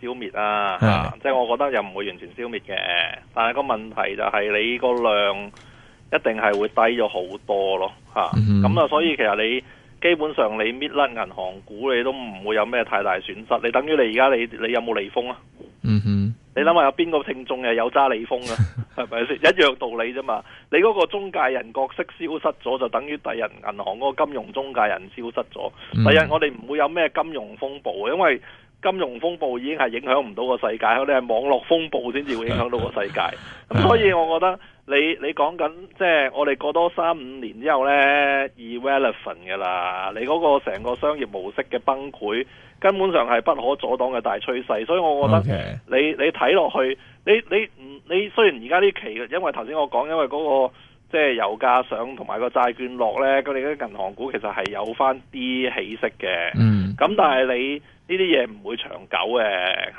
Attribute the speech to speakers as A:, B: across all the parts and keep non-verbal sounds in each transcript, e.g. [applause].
A: 消滅啊，是即係我覺得又唔會完全消滅嘅，但係個問題就係你個量一定係會低咗好多咯，吓咁啊，就所以其實你基本上你搣甩銀行股，你都唔會有咩太大損失。你等於你而家你你有冇利豐啊？嗯哼，你諗下有邊個聽眾又有揸利豐啊？係咪先一樣道理啫嘛？你嗰個中介人角色消失咗，就等於第日銀行嗰個金融中介人消失咗，第日，嗯，我哋唔會有咩金融風暴啊，因為，金融風暴已經係影響唔到個世界，你係網絡風暴先至會影響到個世界。咁 [laughs] 所以我覺得你你講緊即係我哋過多三五年之後呢，irrelevant 噶啦。你嗰個成個商業模式嘅崩潰，根本上係不可阻擋嘅大趨勢。所以我覺得你你睇落去，你你唔你，你雖然而家呢期，因為頭先我講，因為嗰個即係油價上同埋個債券落呢，佢哋啲銀行股其實係有翻啲起色嘅。嗯，咁但係你。嗯呢啲嘢唔會長久嘅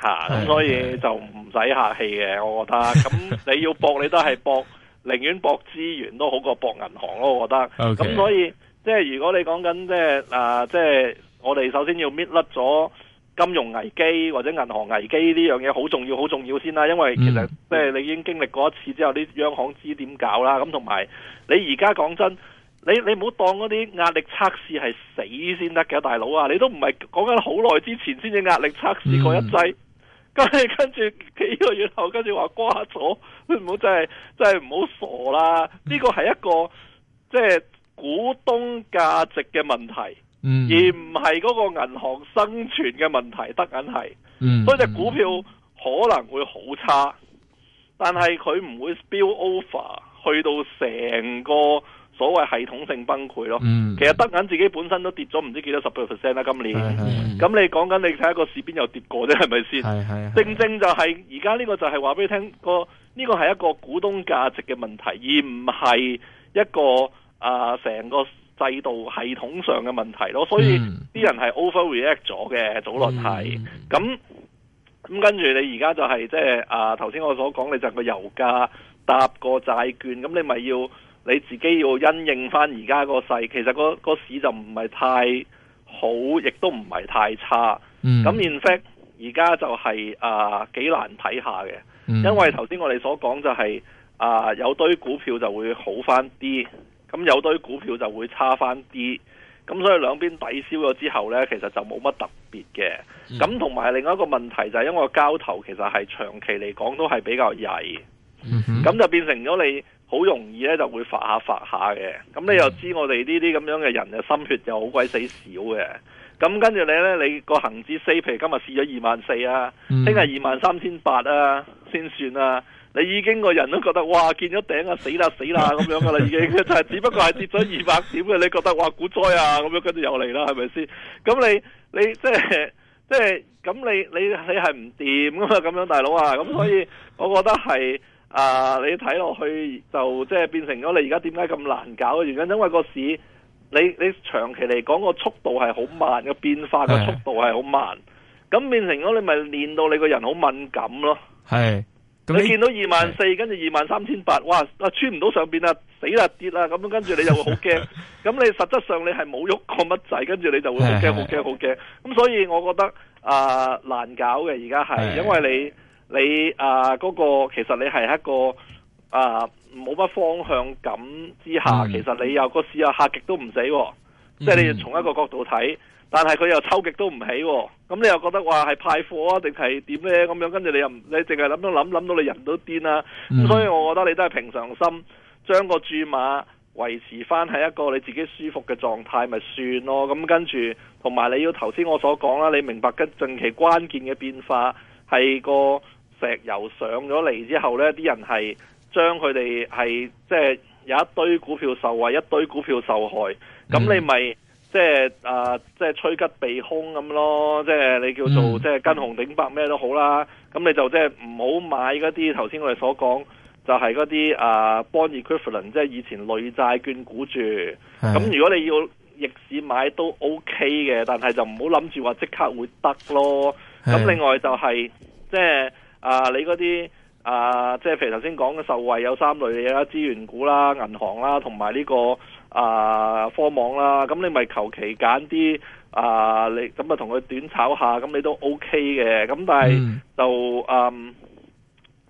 A: 咁、啊、所以就唔使客氣嘅，我覺得。咁你要搏，你都係搏， [laughs] 寧願搏資源都好過搏銀行咯，我覺得。咁、okay。所以即係、即係、如果你講緊即係即係我哋首先要搣甩咗金融危機或者銀行危機呢樣嘢，好重要，好重要先啦。因為其實即係、嗯即係、你已經經歷過一次之後，啲央行知點搞啦。咁同埋你而家講真。你你唔好當嗰啲壓力測試係死先得嘅，大佬啊！你都唔係講緊好耐之前先至壓力測試過一劑、嗯，跟跟住幾個月後跟住話瓜咗，你唔好真係真係唔好傻啦！呢個係一個即係股東價值嘅問題，嗯、而唔係嗰個銀行生存嘅問題。德銀係，所以隻股票可能會好差，但係佢唔會 spill over 去到成個。所謂系統性崩潰咯，嗯、其實德銀自己本身都跌咗唔知幾多十倍 percent 啦，今年。咁你講緊你睇一個市邊又跌過啫，係咪先？正正就係而家呢個就係話俾你聽，個呢個係一個股東價值嘅問題，而唔係一個啊成、呃、個制度系統上嘅問題咯。所以啲、嗯、人係 overreact 咗嘅早論係。咁、嗯、咁跟住你而家就係即係啊頭先我所講，你就個油價搭個債券，咁你咪要。你自己要因應翻而家個勢，其實個市就唔係太好，亦都唔係太差。咁、嗯、in fact 而家就係啊幾難睇下嘅、嗯，因為頭先我哋所講就係、是、啊、呃、有堆股票就會好翻啲，咁有堆股票就會差翻啲，咁所以兩邊抵消咗之後呢，其實就冇乜特別嘅。咁同埋另外一個問題就係因為個交投其實係長期嚟講都係比較曳，咁、嗯、就變成咗你。好容易咧，就會發下發下嘅。咁你又知我哋呢啲咁樣嘅人嘅心血又好鬼死少嘅。咁跟住你咧，你個恒指四皮今日試咗二萬四啊，聽日二萬三千八啊，先算啊。你已經個人都覺得哇，見咗頂啊，死啦死啦咁樣啦，已經就係只不過係跌咗二百點嘅，你覺得哇股災啊咁樣，跟住又嚟啦，係咪先？咁你你即係即係咁你你你係唔掂噶嘛？咁樣大佬啊，咁所以我覺得係。啊！你睇落去就即係變成咗你而家點解咁難搞？原因因為個市你你長期嚟講個速度係好慢嘅，變化個速度係好慢，咁變成咗你咪練到你個人好敏感咯。係你，你見到二萬四，跟住二萬三千八，哇！啊，穿唔到上邊啊，死啦跌啦，咁跟住你又會好驚。咁 [laughs] 你實質上你係冇喐過乜滯，跟住你就會好驚、好驚、好驚。咁所以我覺得啊，難搞嘅而家係，因為你。你啊，嗰、嗰個其實你係一個啊，冇乜方向感之下，嗯、其實你有、嗰個市啊嚇極都唔死、哦嗯，
B: 即係你從
A: 一個角度睇，但係佢又抽極都唔起、哦，咁你又覺得話係派貨啊，定係點咧咁樣？跟住你又你淨係諗到，諗諗到你人都癲啦。咁、嗯、所以我覺得你都係平常心，將個注碼維持翻喺一個你自己舒服嘅狀態咪算咯。咁跟住同埋你要頭先我所講啦，你明白近期關鍵嘅變化係個。石油上咗嚟之後呢，啲人係將佢哋係即係有一堆股票受惠，一堆股票受害。咁，嗯，你咪即係啊，即係趨吉避凶咁咯。即係你叫做即係跟紅頂白咩都好啦。咁你就即係唔好買嗰啲頭先我哋所講就係嗰啲啊，bond equivalent，即係以前累債券股住。咁如果你要逆市買都 OK 嘅，但係就唔好諗住話即刻會得咯。
B: 咁另
A: 外就係即係。即係啊！你嗰啲啊，即係譬如頭先講嘅受惠有三類嘢啦，資源股啦、銀行啦，同埋呢個啊科網啦。咁你咪求其揀啲啊，你咁啊同佢短炒下，咁你都 OK 嘅。咁但係就嗯、啊，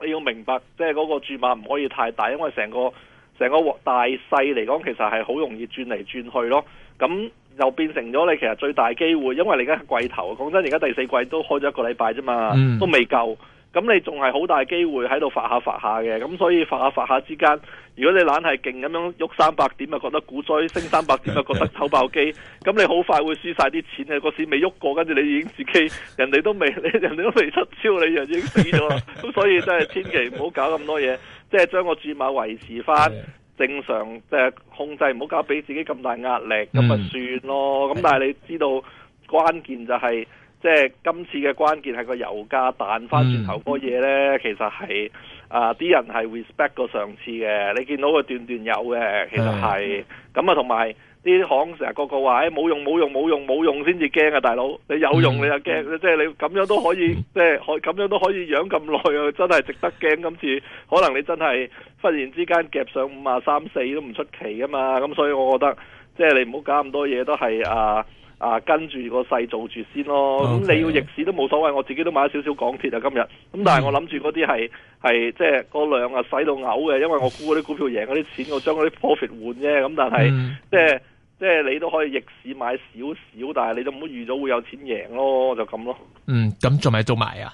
A: 你要明白，即係嗰個注碼唔可以太大，因為成個成個大細嚟講，其實係好容易轉嚟轉去咯。咁又變成咗你其實最大機會，因為你而家係季頭，講真，而家第四季都開咗一個禮拜啫嘛，都未夠。咁你仲係好大機會喺度發下發下嘅，咁所以發下發下之間，如果你懶係勁咁樣喐三百點，就覺得股災；升三百點，就覺得透爆機。咁 [laughs] 你好快會輸晒啲錢你、那個市未喐過，跟住你已經自己，人哋都未，人哋都未出招，你人已經死咗。咁 [laughs] 所以真係千祈唔好搞咁多嘢，即係將個注碼維持翻正常，即係控制，唔好搞俾自己咁大壓力，咁 [laughs] 咪算咯。咁但係你知道關鍵就係、是。即係今次嘅關鍵係個油價彈翻轉頭，嗰嘢呢，其實係啊啲人係 respect 過上次嘅。你見到佢段段有嘅，其實係咁啊。同埋啲行成日個個話：誒、欸、冇用冇用冇用冇用先至驚啊！大佬，你有用你就驚、嗯，即係你咁樣都可以，嗯、即係可咁樣都可以養咁耐啊！真係值得驚。今次可能你真係忽然之間夾上五啊三四都唔出奇噶嘛。咁所以我覺得，即係你唔好搞咁多嘢，都係啊。啊，跟住個勢做住先咯。咁、okay. 你要逆市都冇所謂，我自己都買咗少少港鐵啊。今日咁，但係我諗住嗰啲係係即係嗰兩啊，嗯就是、使到嘔嘅。因為我估嗰啲股票贏嗰啲錢，我將嗰啲 profit 換啫。咁但係、嗯、即係即係你都可以逆市買少少，但係你都唔好預咗會有錢贏咯，就咁咯。嗯，
B: 咁做咪做埋啊？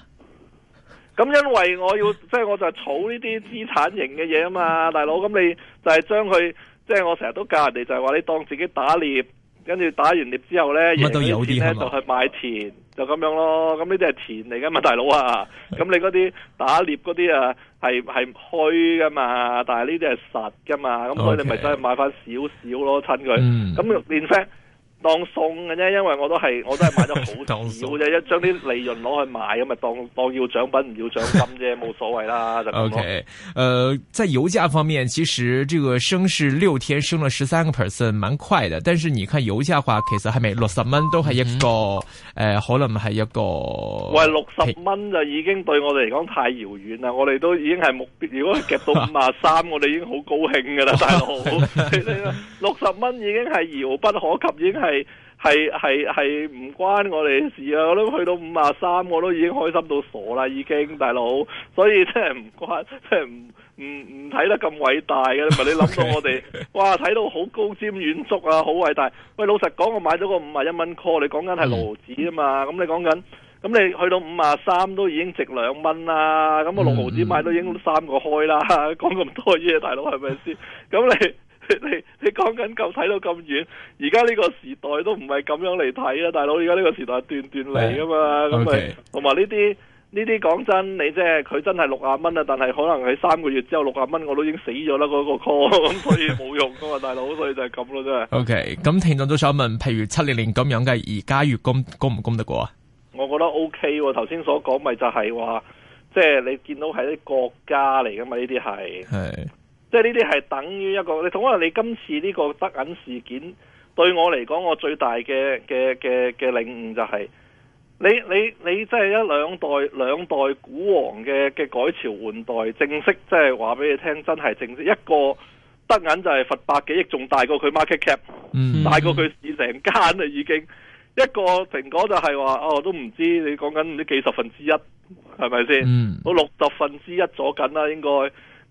A: 咁因為我要即係 [laughs] 我就係儲呢啲資產型嘅嘢啊嘛，大佬。咁你就係將佢即係我成日都教人哋就係、是、話你當自己打獵。跟住打完獵之後咧，然後呢啲咧就去買田，就咁樣咯。咁呢啲係田嚟噶嘛，大佬啊。咁 [laughs] 你嗰啲打獵嗰啲啊，係係虛噶嘛。但係呢啲係實噶嘛。咁、okay. 所以你咪係買翻少少咯，親佢。咁肉片。當送嘅啫，因為我都係我都係買咗好少啫， [laughs] 一將啲利潤攞去買，咁咪當當要獎品唔要獎金啫，冇所謂啦。 [laughs] 就咁咯，okay.
B: 呃。在油價方面，其實這個升是六天升了十三個 percent，蠻快嘅。但是你看油價的話，其實係咪六十蚊都係一個誒，呃，可能係一個。喂，六
A: 十蚊就已經對我哋嚟講太遙遠啦！我哋都已經係目標，如果夾到五啊三，我哋已經好高興㗎啦， [laughs] 大佬。六十蚊已經係遙不可及，已經係。係係係，唔關我哋事啊！我都去到五啊三，我都已經開心到傻啦，已經，大佬，所以真係唔關，真係唔唔唔睇得咁偉大嘅。唔係你諗到我哋哇，睇到好高瞻遠矚啊，好偉大。喂，老實講，我買咗個五啊一蚊 call，你講緊係六毫子啊嘛。咁你講緊，咁你去到五啊三都已經值兩蚊啦。咁啊六毫子買都已經三個開啦。講咁多嘢，大佬係咪先？咁你？你你講緊夠睇到咁遠，而家呢個時代都唔係咁樣嚟睇啦！大佬，而家呢個時代係斷斷嚟噶嘛？咁、yeah. 啊、okay.，同埋呢啲呢啲講真，你即係佢真係六啊蚊啊，但係可能喺三個月之後六啊蚊我都已經死咗啦嗰個 call，咁所以冇用噶嘛， [laughs] 大佬，所以就係咁咯，真係。O
B: K，咁聽眾都想問，譬如七零零咁樣嘅，而家月供供唔供得過
A: 啊？我覺得 O K，頭先所講咪就係話，即係你見到係啲國家嚟噶嘛？呢啲係係。Yeah. 即係呢啲係等於一個，你同可能你今次呢個德銀事件對我嚟講，我最大嘅嘅嘅嘅領悟就係、是，你你你即係一兩代兩代股王嘅嘅改朝換代正式，即係話俾你聽，真係正式。一個德銀就係罰百幾億，仲大過佢 market cap，、mm -hmm. 大過佢市成間啦，已經一個蘋果就係話哦，我都唔知道你講緊啲幾十分之一，係咪先？我、mm -hmm. 六十分之一咗緊啦，應該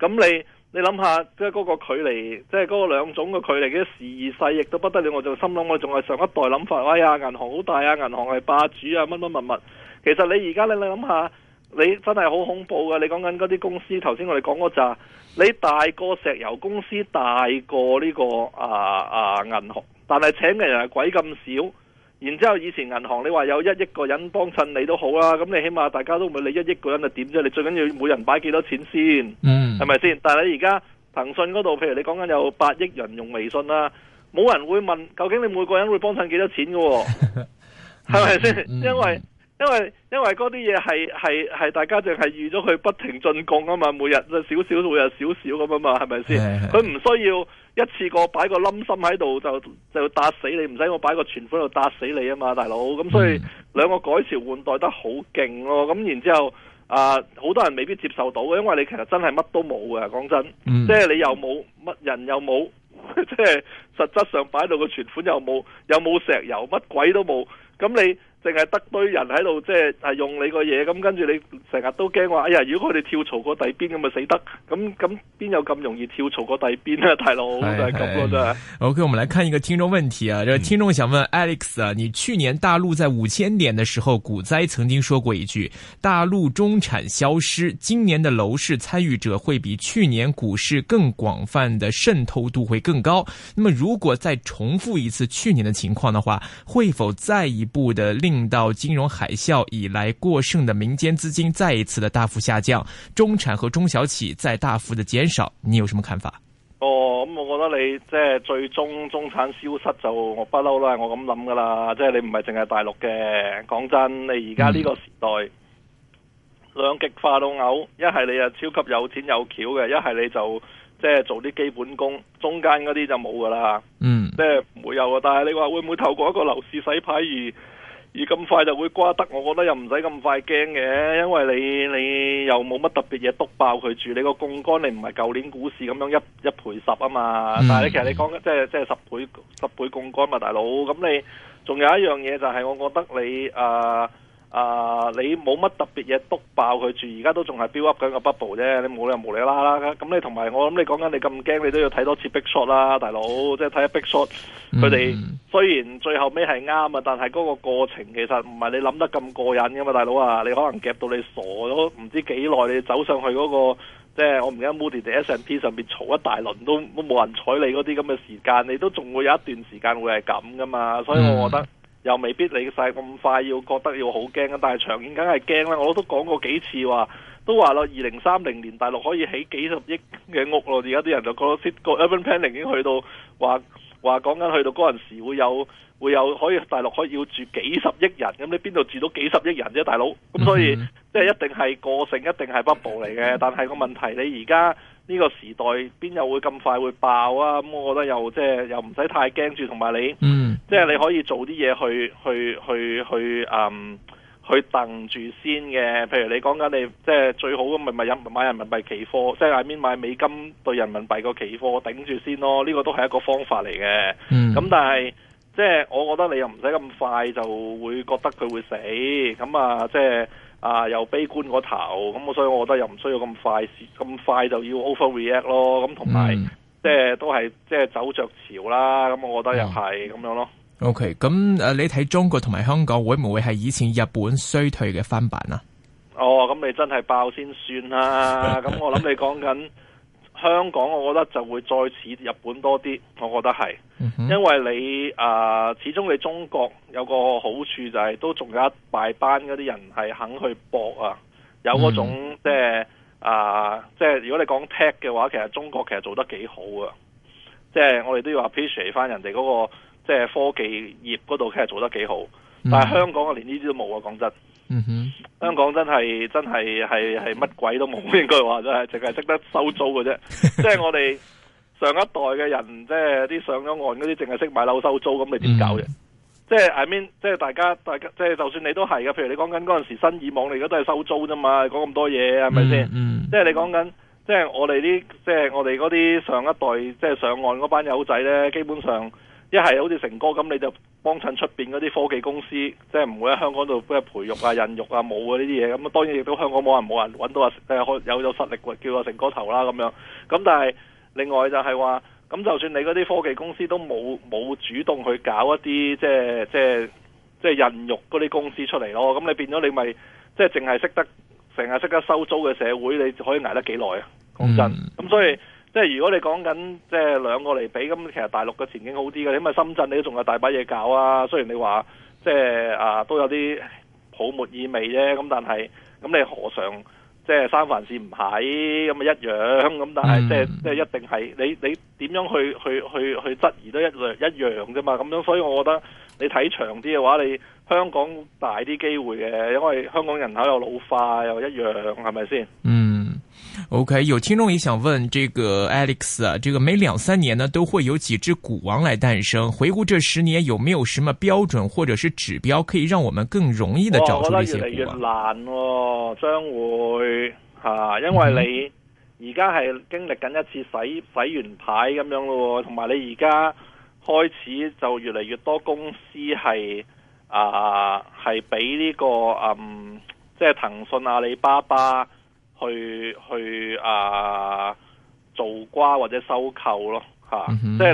A: 咁你。你諗下，即係嗰個距離，即係嗰個兩種嘅距離嘅時勢，亦都不得了。我就心諗，我仲係上一代諗法，哎呀，銀行好大啊，銀行係霸主啊，乜乜乜乜。其實你而家你你諗下，你真係好恐怖噶！你講緊嗰啲公司，頭先我哋講嗰扎，你大過石油公司，大過呢、這個啊啊銀行，但係請嘅人係鬼咁少。然之後，以前銀行你話有一億個人幫襯你都好啦，咁你起碼大家都唔係你一億個人啊點啫？你最緊要每人擺幾多錢先，係咪先？但係你而家騰訊嗰度，譬如你講緊有八億人用微信啦，冇人會問究竟你每個人會幫襯幾多錢嘅喎、哦，係咪先？因為，因為因為嗰啲嘢係係係大家淨係預咗佢不停進攻啊嘛，每日就少少，每日少少咁啊嘛，係咪先？佢唔需要一次過擺個冧心喺度就就搭死你，唔使我擺個存款度搭死你啊嘛，大佬。咁所以、嗯、兩個改朝換代得好勁咯。咁然之後啊，好多人未必接受到嘅，因為你其實真係乜都冇嘅，講真、嗯即，即係你又冇乜人又冇，即係實質上擺到個存款又冇，又冇石油，乜鬼都冇，咁你。淨係得堆人喺度，即係係用你個嘢，咁跟住你成日都驚話，哎呀，如果佢哋跳槽過底邊咁咪死得，咁咁邊有咁容易跳槽過底邊咧，大佬
B: 真係咁咯，真係 OK，我們來看一個聽眾問題啊，這個、聽眾想問 Alex 啊，嗯、你去年大陸在五千點的時候，股災曾經說過一句，大陸中產消失，今年的樓市參與者會比去年股市更廣泛的滲透度會更高。那麼如果再重複一次去年的情況的話，會否再一步的令？到金融海嘯以來過剩嘅民間資金再一次嘅大幅下降，中產和中小企再大幅嘅減少，你有什麼看法？
A: 哦，咁、嗯、我覺得你即係最終中產消失就我不嬲都係，我咁諗噶啦。即係你唔係淨係大陸嘅。講真，你而家呢個時代、嗯、兩極化到嘔，一係你啊超級有錢有橋嘅，一係你就即係做啲基本功，中間嗰啲就冇噶啦。嗯，即係唔會有嘅。但係你話會唔會透過一個樓市洗牌而？而咁快就會瓜得，我覺得又唔使咁快驚嘅，因為你你又冇乜特別嘢督爆佢住，你個槓桿你唔係舊年股市咁樣一一,一倍十啊嘛，嗯、但係你其實你講緊即係即係十倍十倍槓桿嘛，大佬，咁你仲有一樣嘢就係、是、我覺得你啊。呃啊、uh！你冇乜特別嘢督爆佢住，而家都仲係 build up 緊個 bubble 啫。你冇理由無理啦啦，咁你同埋我諗你講緊你咁驚，你都要睇多次 Big Shot 啦，大佬。即係睇下 Big Shot，佢、mm. 哋雖然最後尾係啱啊，但係嗰個過程其實唔係你諗得咁過癮㗎嘛，大佬啊！你可能夾到你傻咗，唔知幾耐你走上去嗰、那個，即、就、係、是、我唔記得 Moody 定 S&P 上面嘈一大輪都冇人睬你嗰啲咁嘅時間，你都仲會有一段時間會係咁噶嘛，所以我覺得。Mm. 又未必你晒咁快，要覺得要好驚，但係長遠梗係驚啦，我都講過幾次話，都話咯，二零三零年大陸可以起幾十億嘅屋咯。而家啲人就覺得個 urban planning 已經去到話話講緊，去到嗰陣時會有會有可以大陸可以要住幾十億人。咁你邊度住到幾十億人啫，大佬？咁所以即係、mm -hmm. 一定係過剩，一定係 bubble 嚟嘅。但係個問題，你而家。呢、這個時代邊有會咁快會爆啊？咁我覺得又即係又唔使太驚住，同埋你，嗯、即係你可以做啲嘢去去去去嗯去掟住先嘅。譬如你講緊你即係最好咁，咪咪人買人民幣期貨，即係外面買美金對人民幣個期貨頂住先咯。呢、這個都係一個方法嚟嘅。咁、嗯、但係即係我覺得你又唔使咁快就會覺得佢會死。咁啊即係。啊！又悲觀嗰頭，咁我所以，我覺得又唔需要咁快，咁快就要 overreact 咯。咁同埋，即係都係，即係走着潮啦。咁我覺得又係咁樣咯。嗯、
B: OK，咁你睇中國同埋香港會唔會係以前日本衰退嘅翻版啊？
A: 哦，咁你真係爆先算啦、啊。咁我諗你講緊。 [laughs] 香港，我覺得就會再似日本多啲，我覺得係，因為你啊、呃，始終你中國有個好處就係、是、都仲有一大班嗰啲人係肯去搏啊，有嗰種、嗯、即係、呃、即係如果你講 tech 嘅話，其實中國其實做得幾好啊，即係我哋都要 appreciate 返翻人哋、那、嗰個即係科技業嗰度，其實做得幾好，但係香港我連呢啲都冇啊，講真。嗯哼，香港真係真係係係乜鬼都冇，應該話真係淨係識得收租嘅啫。 [laughs] 即係我哋上一代嘅人，即係啲上咗岸嗰啲，淨係識買樓收租咁，你點搞嘅，嗯？即係 I mean，即係大家，大家即係就算你都係嘅。譬如你講緊嗰陣時新意網，你而家都係收租啫嘛。講咁多嘢係咪先？即係你講緊，即係我哋啲，即係我哋嗰啲上一代，即係上岸嗰班友仔咧，基本上一係好似成哥咁，你就。幫襯出面嗰啲科技公司，即係唔會喺香港度培育啊、孕育啊、冇啊呢啲嘢。咁當然亦都香港冇人、冇人揾到有有實力叫阿成哥頭啦咁樣。咁但係另外就係話，咁就算你嗰啲科技公司都冇冇主動去搞一啲即係即係即係孕育嗰啲公司出嚟咯。咁你變咗你咪、即係、即係淨係識得成日識得收租嘅社會，你可以捱得幾耐啊？講真，咁、嗯、所以。即係如果你講緊即係兩個嚟比，咁其實大陸嘅前景好啲嘅。因為深圳，你都仲有大把嘢搞啊。雖然你話即係啊，都有啲泡沫意味啫。咁但係，咁你何嘗即係三藩市唔係，咁咪一樣。咁但係即係即係一定係你你點樣去去去去質疑都一一樣啫嘛。咁樣所以我覺得你睇長啲嘅話，你香港大啲機會嘅，因為香港人口又老化又一樣，係咪先？嗯。
B: OK，有聽眾也想問這個 Alex 啊，這個每兩三年呢都會有幾隻股王來誕生。回顧這十年，有沒有什麼標準或者是指標，可以讓我們更容易地找出這些股王？我覺得
A: 越，越難哦，將會、啊、因為你而家係經歷緊一次洗洗完牌咁樣咯，同埋你而家開始就越嚟越多公司係啊，係畀呢個嗯，即係騰訊、啊、阿里巴巴。去去啊，做瓜或者收購咯嚇，啊 mm -hmm. 即係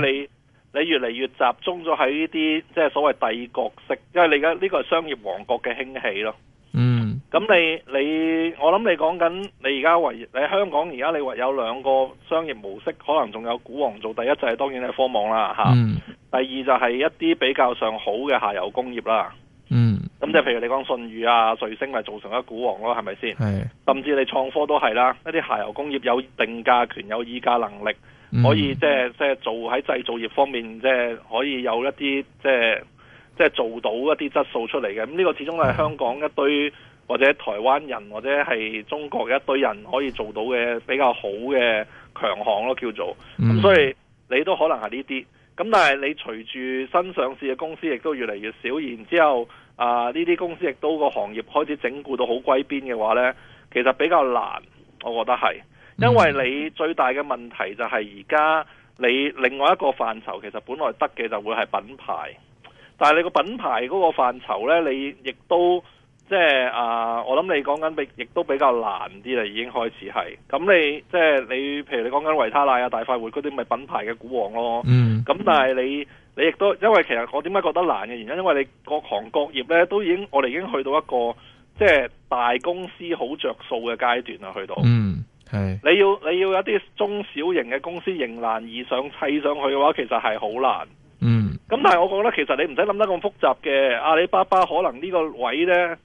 A: 你你越嚟越集中咗喺呢啲即係所謂帝國式，因為你而家呢個係商業王國嘅興起咯。嗯、mm -hmm.，咁你你我諗你講緊你而家唯你在香港而家你唯有兩個商業模式，可能仲有股王做第一，就係當然係科網啦嚇。啊 mm -hmm. 第二就係一啲比較上好嘅下游工業啦。咁即係譬如你講信譽啊，瑞星咪造成一股王咯，係咪先？甚至你創科都係啦，一啲下游工業有定價權、有議價能力，嗯、可以即係即做喺製造業方面，即係可以有一啲即係即做到一啲質素出嚟嘅。咁、嗯、呢、這個始終係香港一堆或者台灣人或者係中國一堆人可以做到嘅比較好嘅強項咯，叫做。咁、嗯、所以你都可能係呢啲。咁但係你隨住新上市嘅公司亦都越嚟越少，然之後。啊！呢啲公司亦都個行業開始整固到好歸邊嘅話呢，其實比較難，我覺得係，因為你最大嘅問題就係而家你另外一個範疇其實本來得嘅就會係品牌，但係你個品牌嗰個範疇呢，你亦都即係、就是、啊，我諗你講緊亦都比較難啲啦，已經開始係。咁你即係、就是、你譬如你講緊維他奶啊、大快活嗰啲咪品牌嘅股王咯。咁、嗯、但係你。嗯你亦都，因為其實我點解覺得難嘅原因，因為你各行各業呢，都已經，我哋已經去到一個即係大公司好着數嘅階段啦，去到。嗯，
B: 係。你
A: 要你要有一啲中小型嘅公司，迎難而上砌上去嘅話，其實係好難。嗯。咁但係我覺得其實你唔使諗得咁複雜嘅，阿里巴巴可能呢個位呢，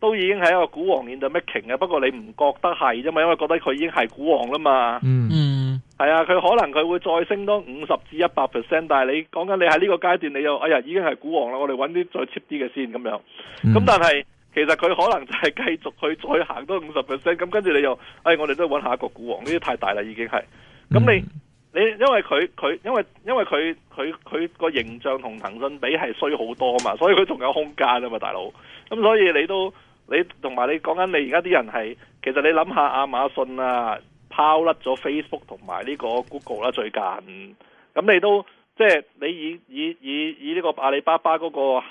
A: 都已經係一個股王面對 making 嘅，不過你唔覺得係啫嘛，因為覺得佢已經係股王啦嘛。嗯。係啊，佢可能佢會再升多五十至一百 percent，但係你講緊你喺呢個階段你，你又哎呀已經係股王啦，我哋揾啲再 cheap 啲嘅先咁樣。咁但係其實佢可能就係繼續去再行多五十 percent，咁跟住你又，哎我哋都揾下一個股王，呢啲太大啦已經係。咁你你因為佢佢因為因為佢佢佢個形象同騰訊比係衰好多嘛，所以佢仲有空間啊嘛，大佬。咁所以你都你同埋你講緊你而家啲人係，其實你諗下亞馬遜啊。拋甩咗 Facebook 同埋呢個 Google 啦，最近咁你都即係你以以以以呢個阿里巴巴嗰個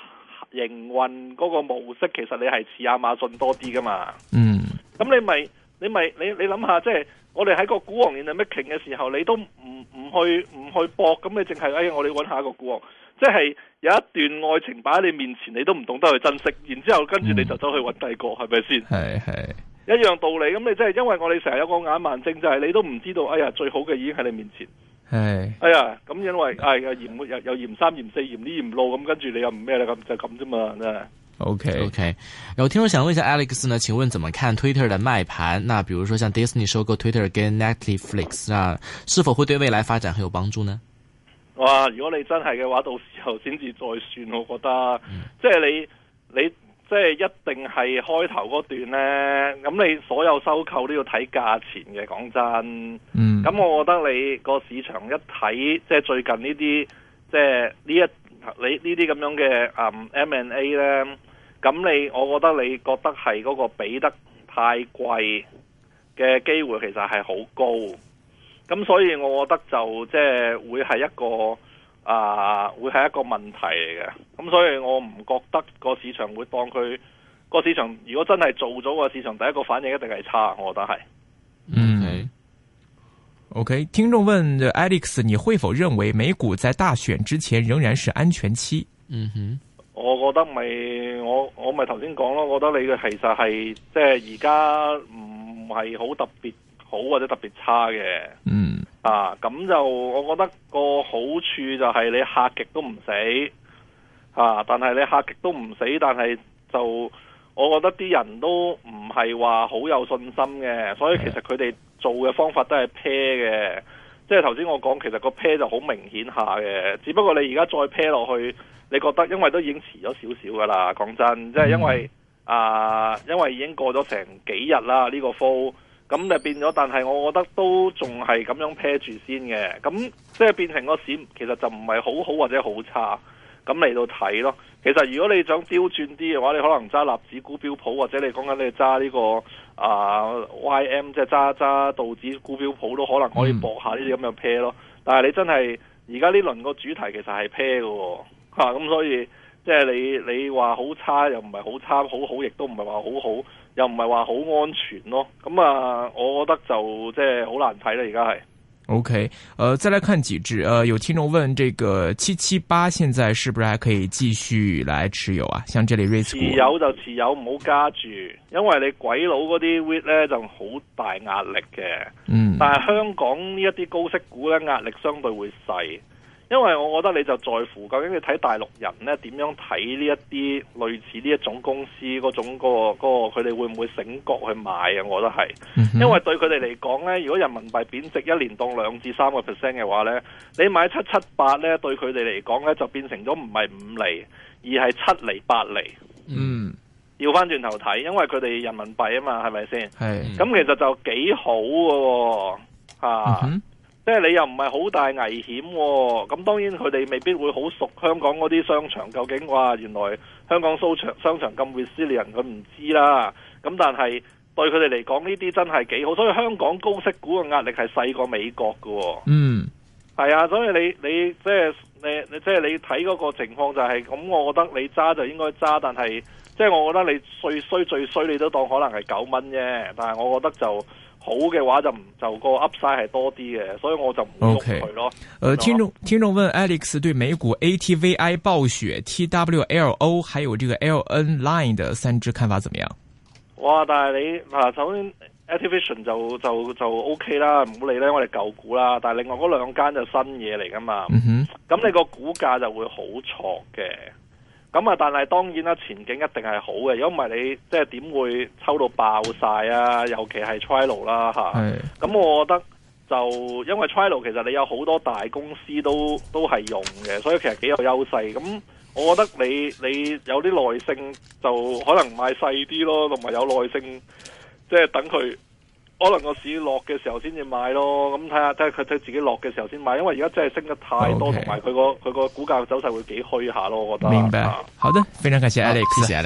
A: 營運嗰個模式，其實你係似亞馬遜多啲㗎嘛？嗯，咁你咪你咪你你諗下，即係我哋喺個股王年代 making 嘅時候，你都唔唔去唔去搏，咁你淨係哎我哋揾下一個股王，即係有一段愛情擺喺你面前，你都唔懂得去珍惜，然之後跟住你就走去揾第二個，係咪先？係係。一樣道理，咁你真係，因為我哋成日有個眼盲症，就係、是、你都唔知道，哎呀最好嘅已經喺你面前。係、
B: hey.，哎呀
A: 咁因為，哎呀嚴末又又嚴三嚴四嚴呢嚴路，咁跟住你又唔咩啦，咁就咁啫嘛，真係。
B: OK，OK，有聽眾想問一下 Alex 呢，請問怎麼看 Twitter 嘅賣盤？那比如說像 Disney 收購 Twitter 跟 Netflix [noise] 啊，是否會對未來發展很有幫助呢？
A: 哇、啊，如果你真係嘅話，到時候先至再算，我覺得，嗯、即係你你。你即係一定係開頭嗰段呢，咁你所有收購都要睇價錢嘅。講真，咁、mm. 我覺得你個市場一睇，即係最近呢啲，即係呢一你呢啲咁樣嘅 M&A 呢，咁你我覺得你覺得係嗰個俾得太貴嘅機會其實係好高，咁所以我覺得就即係會係一個。啊，會係一個問題嚟嘅，咁、嗯、所以我唔覺得個市場會當佢個市場，如果真係做咗個市場，第一個反應一定係差，我覺得係。嗯。
B: OK，聽眾問 Alex，你會否認為美股在大選之前仍然是安全期？嗯哼，
A: 我覺得咪我我咪頭先講咯，我覺得你嘅其實係即係而家唔係好特別好或者特別差嘅。嗯。啊，咁就我覺得個好處就係你嚇極都唔死，啊！但係你嚇極都唔死，但係就我覺得啲人都唔係話好有信心嘅，所以其實佢哋做嘅方法都係 pair 嘅，即係頭先我講，其實個 pair 就好明顯下嘅，只不過你而家再 pair 落去，你覺得因為都已經遲咗少少噶啦，講真，即係因為，嗯，啊，因為已經過咗成幾日啦，呢個 call 咁就變咗，但係我覺得都仲係咁樣 pair 住先嘅，咁即係變成個市其實就唔係好好或者好差，咁嚟到睇咯。其實如果你想刁轉啲嘅話，你可能揸納指、標普或者你講緊你揸呢、這個啊、呃、YM，即係揸揸道指、標普都可能可以博下呢啲咁樣 pair 咯、嗯。但係你真係而家呢輪個主題其實係 pair 嘅喎，咁、啊、所以即係、就是、你你話好差又唔係好差，好好亦都唔係話好好。又唔係話好安全咯，咁、嗯、啊，我覺得就即係好難睇啦，而家係。
B: OK，誒，再來看幾隻，誒、呃，有聽眾問，這個778現在是不是還可以繼續來持有啊？像這類 REITs 持有
A: 就持有，唔好加住，因為你鬼佬嗰啲匯咧就好大壓力嘅。嗯。但係香港呢一啲高息股咧，壓力相對會細。因為我覺得你就在乎究竟你睇大陸人咧點樣睇呢一啲類似呢一種公司嗰種、嗰個、嗰個佢哋會唔會醒覺去買嘅、啊？我覺得係，因為對佢哋嚟講咧，如果人民幣貶值一年當兩至三個 percent 嘅話咧，你買七七八咧，對佢哋嚟講咧就變成咗唔係五厘，而係七厘八厘。嗯，要翻轉頭睇，因為佢哋人民幣啊嘛，係咪先？係。咁其實就幾好嘅喎、啊，啊嗯即係你又唔係好大危險喎，咁當然佢哋未必會好熟香港嗰啲商場究竟哇，原來香港商場商場咁 resilient 人佢唔知啦。咁但係對佢哋嚟講呢啲真係幾好，所以香港高息股嘅壓力係細過美國噶喎。嗯，係啊，所以你你即係、即係、你、即係、你即係你睇嗰個情況就係、係、咁，我覺得你揸就應該揸，但係即係我覺得你最衰最衰你都當可能係九蚊啫，但係我覺得就。好嘅話就唔就個 Upside 係多啲嘅，所以我就唔 look 佢咯。呃，聽
B: 眾聽眾問 Alex 對美股 ATVI、暴雪 TWLO 還有這個 LNLINE 嘅三支看法怎麼樣？
A: 哇！但係你嗱，首先 Activision 就就就 OK 啦，唔好理咧，我哋舊股啦。但係另外嗰兩間就新嘢嚟噶嘛。咁、嗯、你個股價就會好挫嘅。咁啊！但係當然啦，前景一定係好嘅。如果唔係你，即係點會抽到爆晒啊？尤其係 trial 啦吓，咁、啊、我覺得就因為 trial 其實你有好多大公司都都係用嘅，所以其實幾有優勢，咁我覺得你你有啲耐性就可能買細啲咯，同埋有耐性即係等佢。可能個市落嘅時候先至買咯，咁睇下睇下佢睇自己落嘅時候先買，因為而家真係升得太多，同埋佢個佢個股價走勢會幾虛下咯，我覺得。明
B: 白，啊、好的，非常感謝 Alex，謝謝 Alex。謝謝。